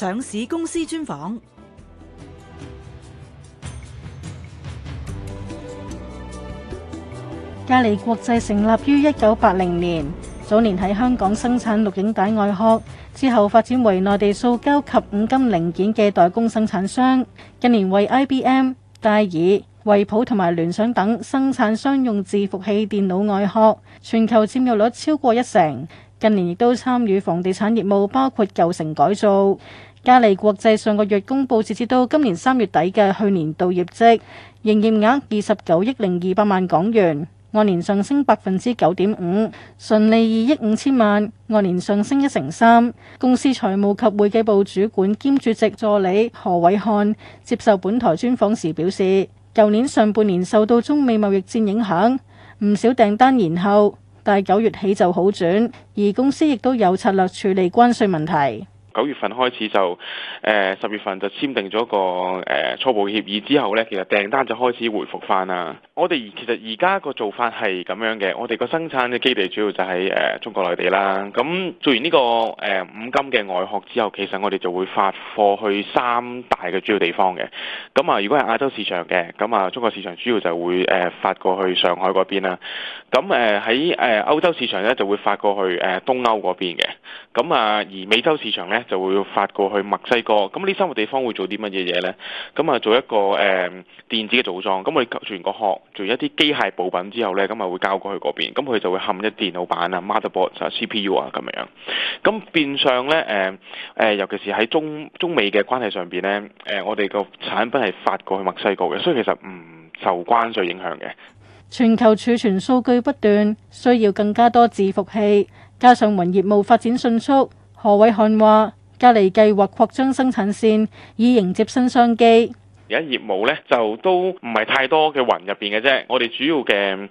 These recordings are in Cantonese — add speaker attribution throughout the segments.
Speaker 1: 上市公司專訪。嘉利國際成立於一九八零年，早年喺香港生產錄影帶外殼，之後發展為內地塑膠及五金零件嘅代工生產商。近年為 IBM、戴爾、惠普同埋聯想等生產商用伺服器電腦外殼，全球佔有率超過一成。近年亦都參與房地產業務，包括舊城改造。嘉利國際上個月公布，截至到今年三月底嘅去年度業績，營業額二十九億零二百萬港元，按年上升百分之九點五，純利二億五千萬，按年上升一成三。公司財務及會計部主管兼主席助理何偉漢接受本台專訪時表示，舊年上半年受到中美貿易戰影響，唔少訂單延後，但係九月起就好轉，而公司亦都有策略處理關稅問題。
Speaker 2: 九月份開始就，誒十月份就簽訂咗個誒初步協議之後呢，其實訂單就開始回復翻啦。我哋其實而家個做法係咁樣嘅，我哋個生產嘅基地主要就喺誒中國內地啦。咁做完呢個誒五金嘅外殼之後，其實我哋就會發貨去三大嘅主要地方嘅。咁啊，如果係亞洲市場嘅，咁啊中國市場主要就會誒發過去上海嗰邊啦。咁誒喺誒歐洲市場呢，就會發過去誒東歐嗰邊嘅。咁啊，而美洲市場呢，就會發過去墨西哥咁，呢三個地方會做啲乜嘢嘢呢？咁啊，做一個誒電子嘅組裝，咁我哋做完個殼，做一啲機械部品之後呢，咁啊會交過去嗰邊，咁佢就會冚一電腦板啊、motherboard 啊、CPU 啊咁樣。咁變相呢，誒誒，尤其是喺中中美嘅關係上邊呢，誒我哋個產品係發過去墨西哥嘅，所以其實唔受關稅影響嘅。
Speaker 1: 全球儲存數據不斷，需要更加多伺服器，加上雲業務發展迅速。何偉漢話：嘉利計劃擴張生產線，以迎接新商機。
Speaker 2: 而家業務咧就都唔係太多嘅雲入面嘅啫，我哋主要嘅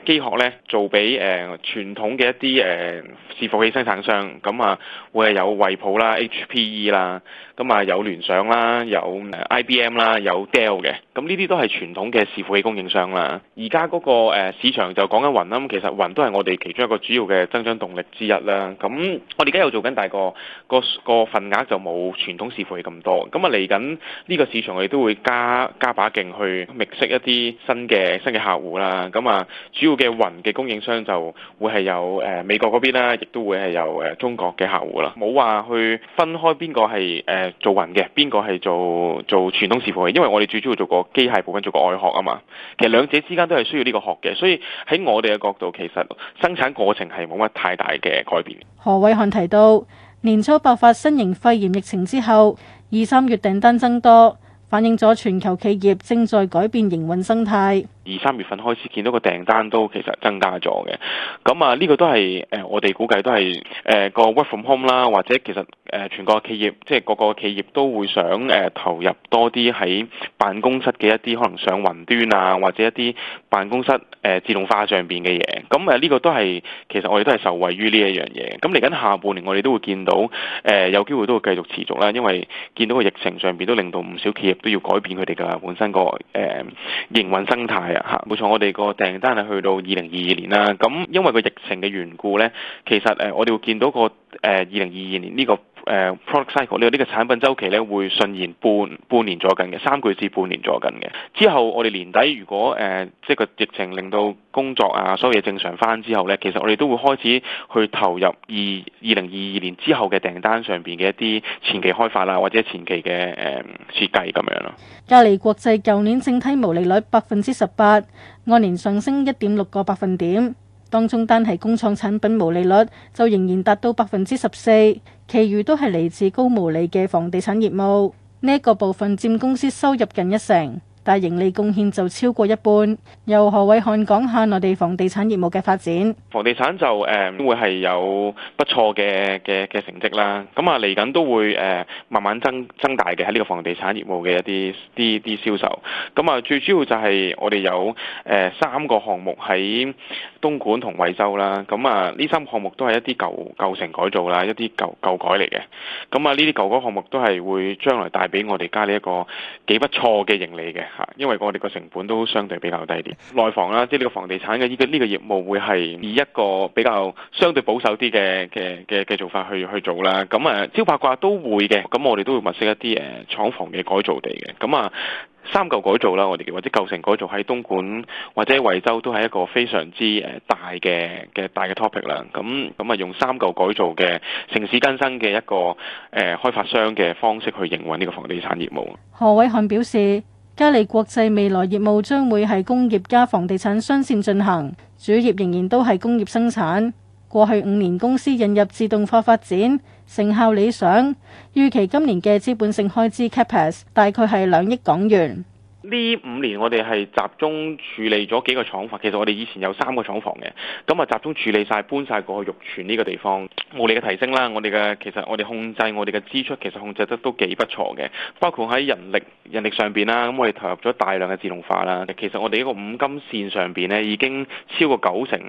Speaker 2: 誒機殼咧做俾誒傳統嘅一啲誒、呃、伺服器生產商，咁啊會係有惠普啦、HPE 啦，咁啊有聯想啦、有 IBM 啦、有 Dell 嘅，咁呢啲都係傳統嘅伺服器供應商啦。而家嗰個、呃、市場就講緊雲啦，咁其實雲都係我哋其中一個主要嘅增長動力之一啦。咁我哋而家又在做緊，但係、嗰個個份額就冇傳統伺服器咁多。咁啊嚟緊呢個市場我哋都會去加加把勁，去覓識一啲新嘅新嘅客戶啦。咁啊，主要嘅雲嘅供應商就會係有誒、呃、美國嗰邊啦，亦都會係有誒、呃、中國嘅客戶啦。冇話去分開邊個係誒做雲嘅，邊個係做做傳統市鋪嘅，因為我哋最主要做個機械部分做個外殼啊嘛。其實兩者之間都係需要呢個學嘅，所以喺我哋嘅角度，其實生產過程係冇乜太大嘅改變的。
Speaker 1: 何偉汗提到年初爆發新型肺炎疫情之後，二三月訂單增多。反映咗全球企業正在改變營運生態。
Speaker 2: 二三月份開始見到個訂單都其實增加咗嘅，咁啊呢個都係誒我哋估計都係誒個 Work From Home 啦，或者其實誒、呃、全國企業即係各個企業都會想誒、呃、投入多啲喺辦公室嘅一啲可能上雲端啊，或者一啲辦公室誒、呃、自動化上面嘅嘢，咁啊呢個都係其實我哋都係受惠於呢一樣嘢。咁嚟緊下半年我哋都會見到誒、呃、有機會都會繼續持續啦，因為見到個疫情上邊都令到唔少企業都要改變佢哋嘅本身個誒、呃、營運生態。係冇錯，我哋個訂單係去到二零二二年啦。咁因為個疫情嘅緣故呢，其實誒，我哋會見到個誒二零二二年呢個。呃誒、啊、product cycle 呢個呢產品周期咧，會順延半半年左右嘅三個月至半年左右嘅之後，我哋年底如果誒即係個疫情令到工作啊，所有嘢正常翻之後咧，其實我哋都會開始去投入二二零二二年之後嘅訂單上邊嘅一啲前期開發啦，或者前期嘅誒設計咁樣咯。
Speaker 1: 嘉利國際舊年整體毛利率百分之十八，按年上升一點六個百分點，當中單係工廠產品毛利率就仍然達到百分之十四。其餘都係嚟自高毛利嘅房地產業務，呢一個部分佔公司收入近一成。但盈利貢獻就超過一半。由何偉汗講下內地房地產業務嘅發展。
Speaker 2: 房地產就誒會係有不錯嘅嘅嘅成績啦。咁啊嚟緊都會誒慢慢增增大嘅喺呢個房地產業務嘅一啲啲啲銷售。咁啊最主要就係我哋有誒三個項目喺東莞同惠州啦。咁啊呢三項目都係一啲舊舊城改造啦，一啲舊舊改嚟嘅。咁啊呢啲舊改項目都係會將來帶俾我哋加呢一個幾不錯嘅盈利嘅。吓，因為我哋個成本都相對比較低啲。內房啦，即係呢個房地產嘅呢個業務會係以一個比較相對保守啲嘅嘅嘅嘅做法去去做啦。咁啊，招拍掛都會嘅，咁我哋都會物色一啲誒廠房嘅改造地嘅。咁啊，三舊改造啦，我哋或者舊城改造喺東莞或者惠州都係一個非常之誒大嘅嘅大嘅 topic 啦。咁咁啊，用三舊改造嘅城市更新嘅一個誒、呃、開發商嘅方式去營運呢個房地產業務。
Speaker 1: 何偉汗表示。嘉利國際未來業務將會係工業加房地產雙線進行，主業仍然都係工業生產。過去五年公司引入自動化發展，成效理想。預期今年嘅資本性開支 capex 大概係兩億港元。
Speaker 2: 呢五年我哋係集中處理咗幾個廠房，其實我哋以前有三個廠房嘅，咁啊集中處理晒、搬晒過去玉泉呢個地方。能力嘅提升啦，我哋嘅其實我哋控制我哋嘅支出其實控制得都幾不錯嘅，包括喺人力人力上面啦，咁我哋投入咗大量嘅自動化啦。其實我哋呢個五金線上面呢，已經超過九成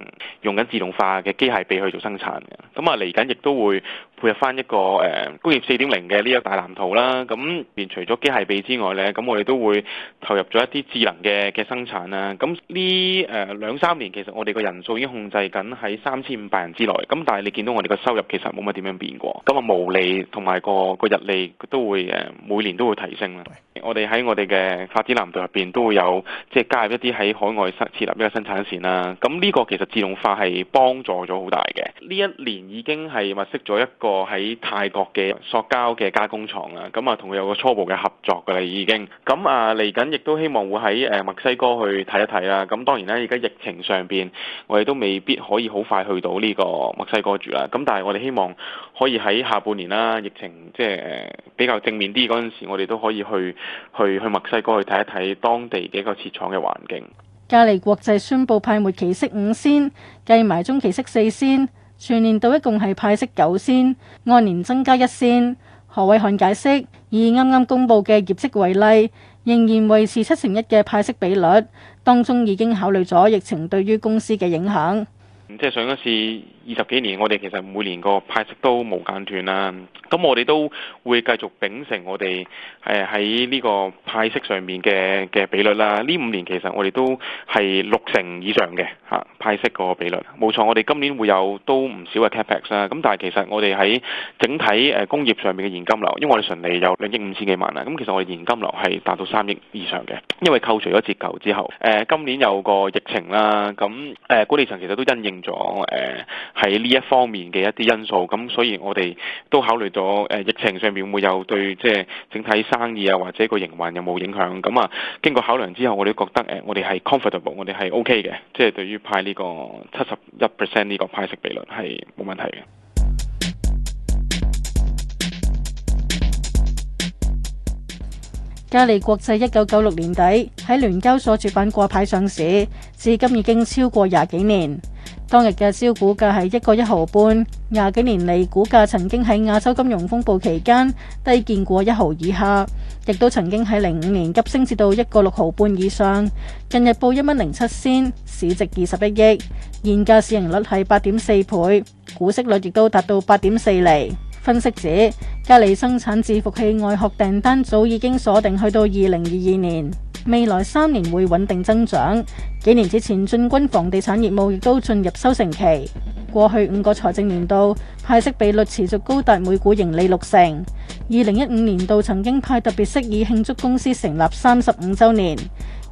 Speaker 2: 用緊自動化嘅機械臂去做生產嘅，咁啊嚟緊亦都會。配合翻一個誒工業四點零嘅呢一個大藍圖啦，咁連除咗機械臂之外呢，咁我哋都會投入咗一啲智能嘅嘅生產啦。咁呢誒兩三年其實我哋個人數已經控制緊喺三千五百人之內，咁但係你見到我哋個收入其實冇乜點樣變過，咁啊毛利同埋個個日利都會誒每年都會提升啦。我哋喺我哋嘅發展藍圖入邊都會有即係、就是、加入一啲喺海外設設立一個生產線啦。咁呢個其實自動化係幫助咗好大嘅。呢一年已經係物色咗一個。喺泰國嘅塑膠嘅加工廠啊，咁啊，同佢有個初步嘅合作噶啦，已經咁啊，嚟緊亦都希望會喺誒墨西哥去睇一睇啦。咁當然啦，而家疫情上邊，我哋都未必可以好快去到呢個墨西哥住啦。咁但係我哋希望可以喺下半年啦，疫情即係比較正面啲嗰陣時，我哋都可以去去去墨西哥去睇一睇當地嘅一個設廠嘅環境。
Speaker 1: 嘉利國際宣布派末期息五仙，計埋中期息四仙。全年度一共係派息九仙，按年增加一仙。何偉汗解釋，以啱啱公佈嘅業績為例，仍然維持七成一嘅派息比率，當中已經考慮咗疫情對於公司嘅影響。
Speaker 2: 即係上一次。二十幾年，我哋其實每年個派息都無間斷啦。咁我哋都會繼續秉承我哋誒喺呢個派息上面嘅嘅比率啦。呢五年其實我哋都係六成以上嘅嚇派息個比率。冇錯，我哋今年會有都唔少嘅 capex 啦。咁但係其實我哋喺整體誒工業上面嘅現金流，因為我哋純利有兩億五千幾萬啦。咁其實我哋現金流係達到三億以上嘅，因為扣除咗折舊之後，誒今年有個疫情啦，咁誒管理層其實都因應咗誒。喺呢一方面嘅一啲因素，咁所以我哋都考慮咗誒疫情上面會，會有對即係、呃、整體生意啊，或者個營運有冇影響，咁啊，經過考量之後，我哋都覺得誒、呃、我哋係 comfortable，我哋係 OK 嘅，即係對於派呢個七十一 percent 呢個派息比率係冇問題嘅。
Speaker 1: 嘉利國際一九九六年底喺聯交所主板掛牌上市，至今已經超過廿幾年。當日嘅招股價係一個一毫半，廿幾年嚟股價曾經喺亞洲金融風暴期間低見過一毫以下，亦都曾經喺零五年急升至到一個六毫半以上。近日報一蚊零七仙，市值二十一億，現價市盈率係八點四倍，股息率亦都達到八點四厘。分析指嘉利生產伺服器外殼訂單早已經鎖定去到二零二二年。未來三年會穩定增長，幾年之前進軍房地產業務亦都進入收成期。過去五個財政年度派息比率持續高達每股盈利六成。二零一五年度曾經派特別息以慶祝公司成立三十五周年，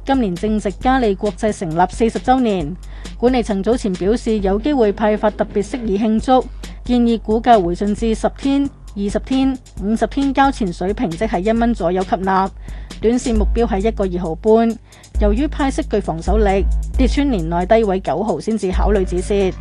Speaker 1: 今年正值嘉利國際成立四十周年。管理層早前表示有機會派發特別息以慶祝，建議股價回進至十天、二十天、五十天交錢水平即係一蚊左右吸納。短線目標係一個二毫半，由於派息具防守力，跌穿年內低位九毫先至考慮止蝕。